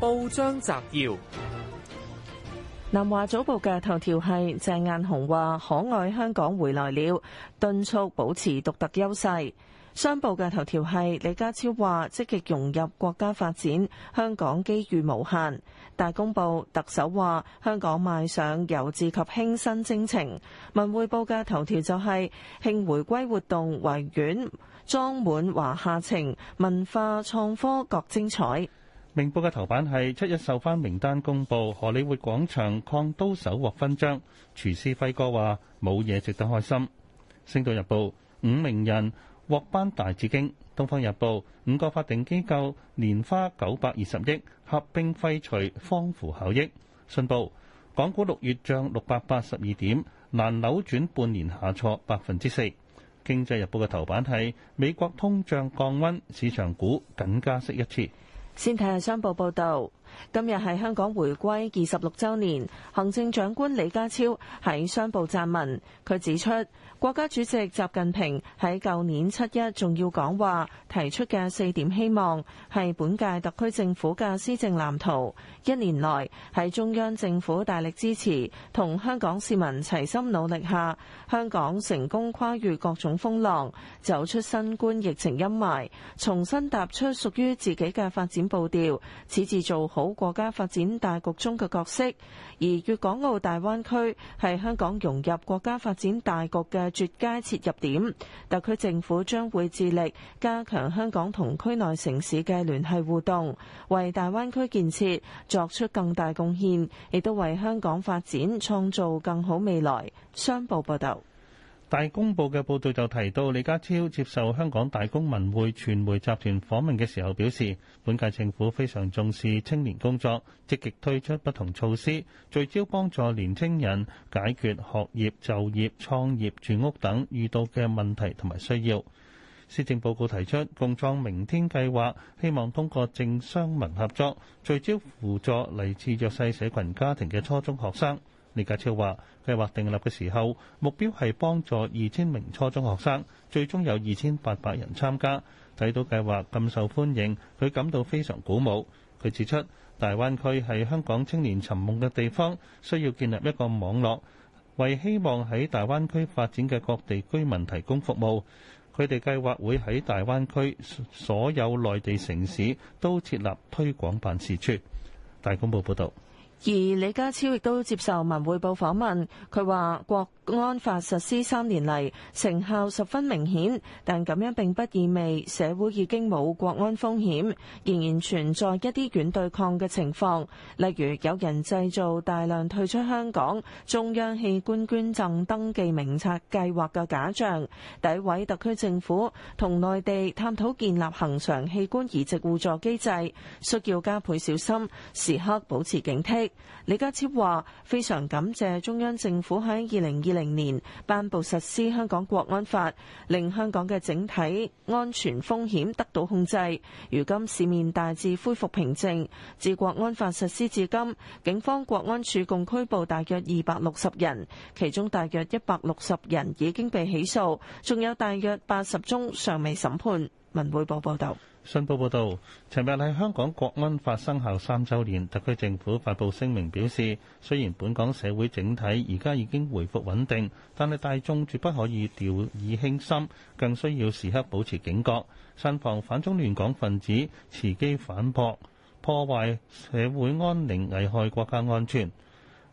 報章摘要：南華早報嘅頭條係鄭雁雄話：可愛香港回來了，敦促保持獨特優勢。商報嘅頭條係李家超話：積極融入國家發展，香港機遇無限。大公報特首話：香港邁上由治及興新征程。文匯報嘅頭條就係、是、慶回歸活動，圍院裝滿華夏情，文化創科各精彩。明報嘅頭版係七一授勳名單公佈，荷里活廣場抗刀手獲勳章。廚師輝哥話冇嘢值得開心。星島日報五名人獲頒大紫荊。東方日報五個法定機構年花九百二十億合併廢除，方符效益。信報港股六月漲六百八十二點，難扭轉半年下挫百分之四。經濟日報嘅頭版係美國通脹降溫，市場股僅加息一次。先睇下商報報導。今日係香港回歸二十六周年，行政長官李家超喺商報撰文，佢指出國家主席習近平喺舊年七一重要講話提出嘅四點希望係本屆特區政府嘅施政藍圖。一年來喺中央政府大力支持同香港市民齊心努力下，香港成功跨越各種風浪，走出新冠疫情陰霾，重新踏出屬於自己嘅發展步調。此次做好好國家發展大局中嘅角色，而粵港澳大灣區係香港融入國家發展大局嘅絕佳切入點。特區政府將會致力加強香港同區內城市嘅聯繫互動，為大灣區建設作出更大貢獻，亦都為香港發展創造更好未來。商報報道。大公報嘅報道就提到，李家超接受香港大公文匯傳媒集團訪問嘅時候表示，本屆政府非常重視青年工作，積極推出不同措施，聚焦幫助年輕人解決學業、就業、創業、住屋等遇到嘅問題同埋需要。施政報告提出共創明天計劃，希望通過政商民合作，聚焦輔助嚟自弱勢社群家庭嘅初中學生。李家超話：計劃訂立嘅時候，目標係幫助二千名初中學生，最終有二千八百人參加。睇到計劃咁受歡迎，佢感到非常鼓舞。佢指出，大灣區係香港青年尋夢嘅地方，需要建立一個網絡，為希望喺大灣區發展嘅各地居民提供服務。佢哋計劃會喺大灣區所有內地城市都設立推廣辦事處。大公報報道。而李家超亦都接受文匯報訪問，佢話國安法實施三年嚟成效十分明顯，但咁樣並不意味社會已經冇國安風險，仍然存在一啲軟對抗嘅情況，例如有人製造大量退出香港中央器官捐贈登記名冊計劃嘅假象，詆毀特區政府同內地探討建立恆常器官移植互助機制，需要加倍小心，時刻保持警惕。李家超話非常感謝中央政府喺二零二零年頒布實施香港國安法，令香港嘅整體安全風險得到控制。如今市面大致恢復平靜。自國安法實施至今，警方國安處共拘捕大約二百六十人，其中大約一百六十人已經被起訴，仲有大約八十宗尚未審判。文匯報報道。信報報導，尋日喺香港國安法生效三週年，特區政府發佈聲明表示，雖然本港社會整體而家已經回復穩定，但係大眾絕不可以掉以輕心，更需要時刻保持警覺，慎防反中亂港分子伺機反駁、破壞社會安寧、危害國家安全。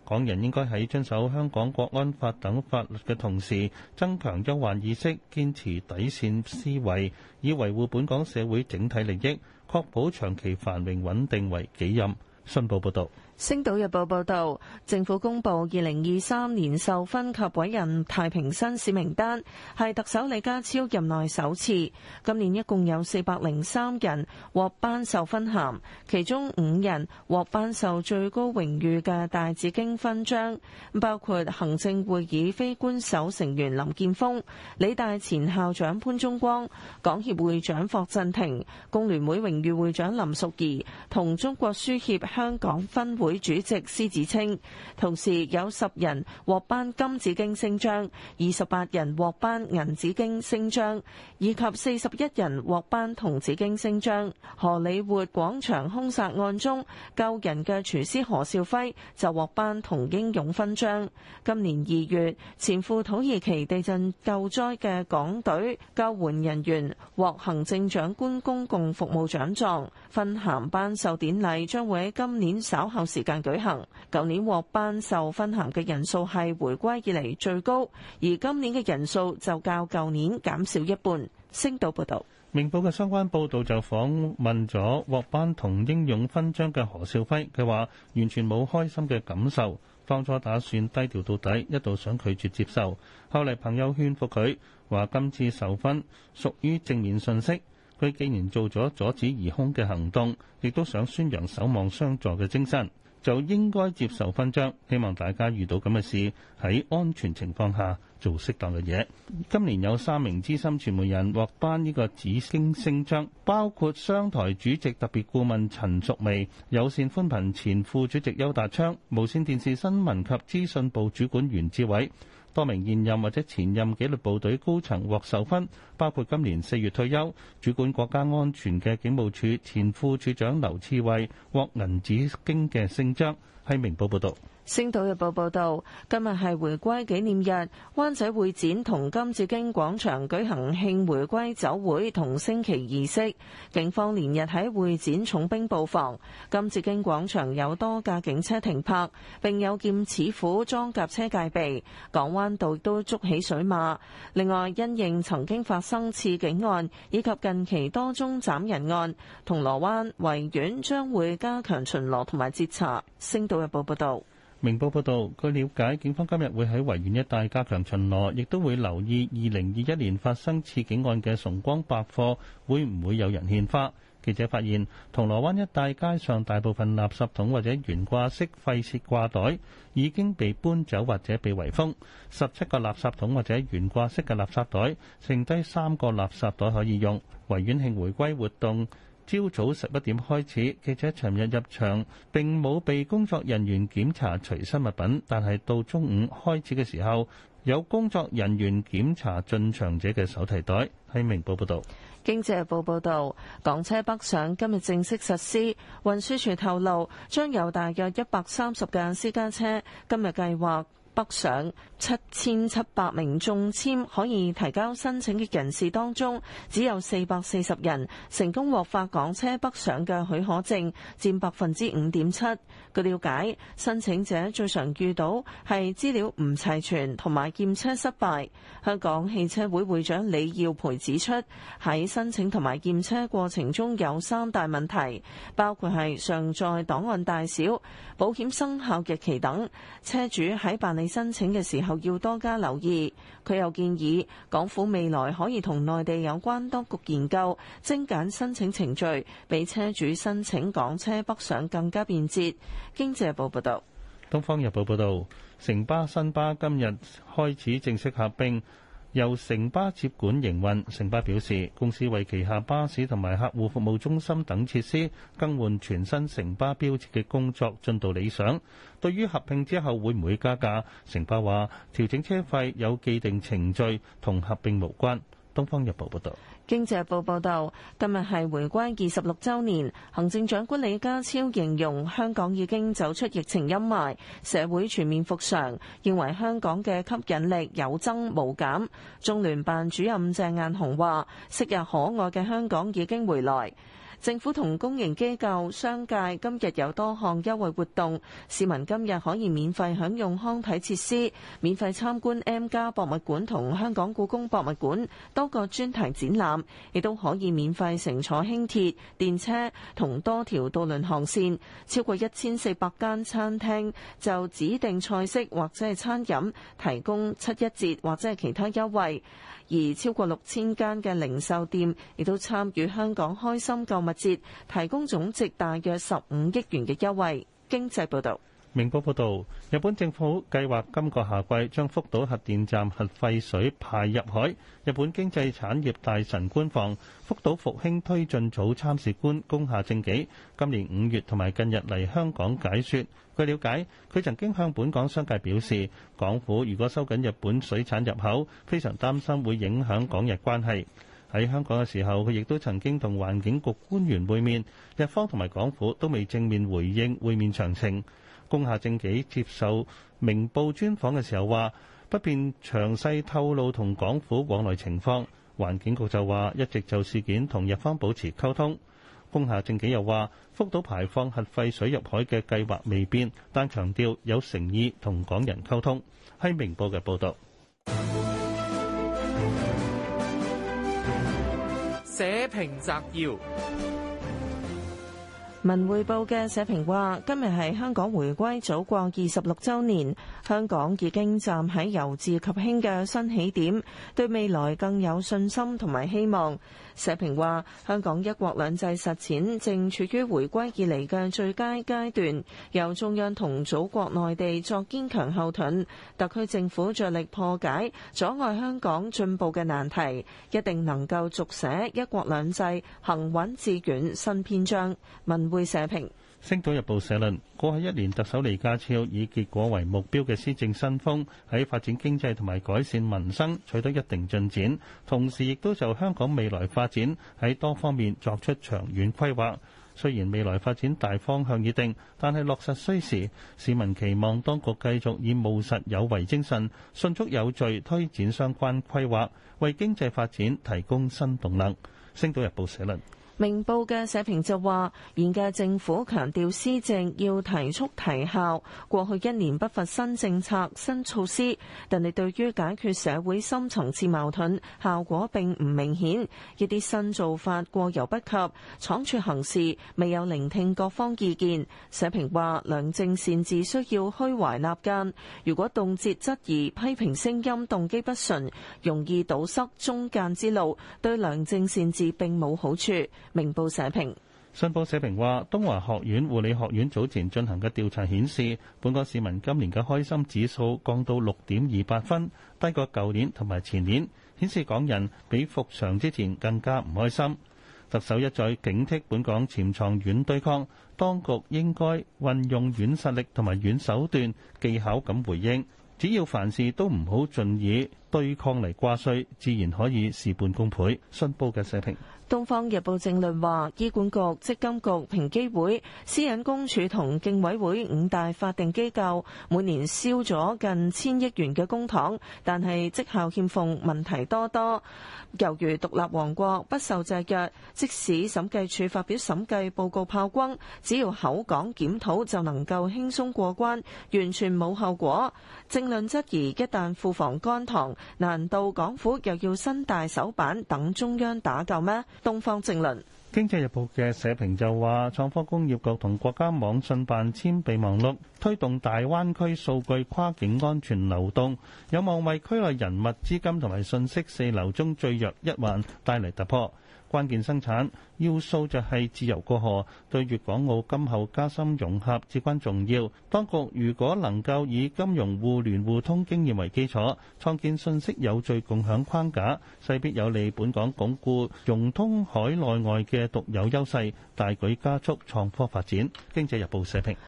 港人應該喺遵守香港國安法等法律嘅同時，增強憂患意識，堅持底線思維，以維護本港社會整體利益，確保長期繁榮穩定為己任。信報報道。《星島日報》報導，政府公布2023年授勳及委任太平紳士名單，係特首李家超任內首次。今年一共有403人獲頒授勳銜，其中五人獲頒授最高榮譽嘅大紫荊勳章，包括行政會議非官守成員林建峰、理大前校長潘忠光、港協會長霍振廷、工聯會榮譽會會長林淑儀同中國書協香港分會會主席施子清，同時有十人獲頒金紫荊星章，二十八人獲頒銀紫荊星章，以及四十一人獲頒銅紫荊星章。荷里活廣場凶殺案中救人嘅廚師何少輝就獲頒銅英勇勳章。今年二月，前赴土耳其地震救災嘅港隊救援人員獲行政長官公共服務獎狀。勳銜頒授典禮將會喺今年稍後時間舉行，舊年獲頒授勳銜嘅人數係回歸以嚟最高，而今年嘅人數就較舊年減少一半。星島報道，明報嘅相關報道就訪問咗獲頒同英勇勳章嘅何少輝，佢話完全冇開心嘅感受，當初打算低調到底，一度想拒絕接受，後嚟朋友勸服佢話今次授勳屬於正面信息，佢既然做咗阻止疑凶嘅行動，亦都想宣揚守望相助嘅精神。就應該接受勳章，希望大家遇到咁嘅事喺安全情況下做適當嘅嘢。今年有三名資深傳媒人獲頒呢個紫星星章，包括商台主席特別顧問陳淑薇、有線寬頻前副主席邱達昌、無線電視新聞及資訊部主管袁志偉。多名現任或者前任紀律部隊高層獲授勳，包括今年四月退休、主管國家安全嘅警務處前副處長劉賜蕙獲銀紫荊嘅星章。《明報》報導，《星島日報》報道：今日係回歸紀念日，灣仔會展同金紫荊廣場舉行慶回歸酒會同升旗儀式。警方連日喺會展重兵布防，金紫荊廣場有多架警車停泊，並有劍齒虎裝甲車戒備。港灣道都都捉起水馬，另外，因應曾經發生刺警案以及近期多宗斬人案，銅鑼灣維園將會加強巡邏同埋截查。星島每日報報道，明報報道：據了解，警方今日會喺維園一帶加強巡邏，亦都會留意二零二一年發生刺警案嘅崇光百貨會唔會有人獻花。記者發現，銅鑼灣一帶街上大部分垃圾桶或者懸掛式廢屑掛袋已經被搬走或者被圍封，十七個垃圾桶或者懸掛式嘅垃圾袋剩低三個垃圾袋可以用。維園慶回歸活動，朝早十一點開始，記者尋日入場並冇被工作人員檢查隨身物品，但係到中午開始嘅時候，有工作人員檢查進場者嘅手提袋。黎明報報道，經濟日報報道：「港車北上今日正式實施，運輸署透露將有大約一百三十架私家車今日計劃。北上七千七百名中籤可以提交申請嘅人士當中，只有四百四十人成功獲發港車北上嘅許可證占百分之五點七。據了解，申請者最常遇到係資料唔齊全同埋驗車失敗，香港汽車會會長李耀培指出，喺申請同埋驗車過程中有三大問題，包括係上載檔案大小、保險生效日期等。車主喺辦理申請嘅時候要多加留意，佢又建議港府未來可以同內地有關當局研究，精簡申請程序，俾車主申請港車北上更加便捷。經濟日報報道，東方日報報道，城巴新巴今日開始正式合併。由城巴接管營運，城巴表示公司為旗下巴士同埋客戶服務中心等設施更換全新城巴標誌嘅工作進度理想。對於合併之後會唔會加價，城巴話調整車費有既定程序，同合併無關。《東方日報》報導，《經濟日報》報導，今日係回歸二十六週年，行政長官李家超形容香港已經走出疫情陰霾，社會全面復常，認為香港嘅吸引力有增無減。中聯辦主任鄭雁雄話：昔日可愛嘅香港已經回來。政府同公營機構、商界今日有多項優惠活動，市民今日可以免費享用康體設施，免費參觀 M+ 博物館同香港故宮博物館多個專題展覽，亦都可以免費乘坐輕鐵、電車同多條渡輪航線。超過一千四百間餐廳就指定菜式或者係餐飲提供七一折或者係其他優惠。而超過六千間嘅零售店亦都參與香港開心購物節，提供總值大約十五億元嘅優惠。經濟報道。明報報道，日本政府計劃今個夏季將福島核電站核廢水排入海。日本經濟產業大臣官房福島復興推進組參事官宮下正己今年五月同埋近日嚟香港解說。據了解，佢曾經向本港商界表示，港府如果收緊日本水產入口，非常擔心會影響港日關係。喺香港嘅時候，佢亦都曾經同環境局官員會面，日方同埋港府都未正面回應會面詳情。宮下正己接受明報專訪嘅時候話，不便詳細透露同港府往來情況。環境局就話一直就事件同日方保持溝通。宮下正己又話，福島排放核廢水入海嘅計劃未變，但強調有誠意同港人溝通。喺明報嘅報道。社評摘要。文匯報嘅社評話：今日係香港回歸祖國二十六週年，香港已經站喺由治及興嘅新起點，對未來更有信心同埋希望。社評話：香港一國兩制實踐正處於回歸以嚟嘅最佳階段，由中央同祖國內地作堅強後盾，特區政府着力破解阻礙香港進步嘅難題，一定能夠續寫一國兩制行穩致遠新篇章。文匯。《社評》：星島日報社論，過去一年特首李家超以結果為目標嘅施政新風，喺發展經濟同埋改善民生取得一定進展，同時亦都就香港未來發展喺多方面作出長遠規劃。雖然未來發展大方向已定，但係落實需時，市民期望當局繼續以務實有為精神，迅速有序推展相關規劃，為經濟發展提供新動能。星島日報社論。明報嘅社評就話：現屆政府強調施政要提速提效，過去一年不乏新政策新措施，但係對於解決社會深層次矛盾效果並唔明顯。一啲新做法過猶不及，倉促行事，未有聆聽各方意見。社評話：良政善治需要虛懷納諫，如果動輒質疑、批評聲音動機不純，容易堵塞中間之路，對良政善治並冇好處。明報社評。信報社評話，東華學院護理學院早前進行嘅調查顯示，本港市民今年嘅開心指數降到六點二八分，低過舊年同埋前年，顯示港人比復常之前更加唔開心。特首一再警惕本港潛藏軟對抗，當局應該運用軟實力同埋軟手段技巧咁回應，只要凡事都唔好盡以對抗嚟掛帥，自然可以事半功倍。信報嘅社評，《東方日報正論》話，醫管局、積金局、平機會、私隱公署同競委會五大法定機構，每年燒咗近千億元嘅公帑，但係績效欠奉問題多多。由於獨立王國不受制約，即使審計署發表審計報告炮轟，只要口講檢討，就能夠輕鬆過關，完全冇效果。正論質疑，一旦庫房乾塘。難道港府又要伸大手板等中央打救咩？東方正論。《經濟日報》嘅社評就話，創科工業局同國家網信辦簽備忘錄，推動大灣區數據跨境安全流動，有望為區內人物資金同埋信息四流中最弱一環帶嚟突破。關鍵生產要素就係自由過河，對粵港澳今後加深融合至關重要。當局如果能夠以金融互聯互通經驗為基礎，創建信息有序共享框架，勢必有利本港鞏固融通海內外嘅獨有優勢，大舉加速創科發展。經濟日報社評。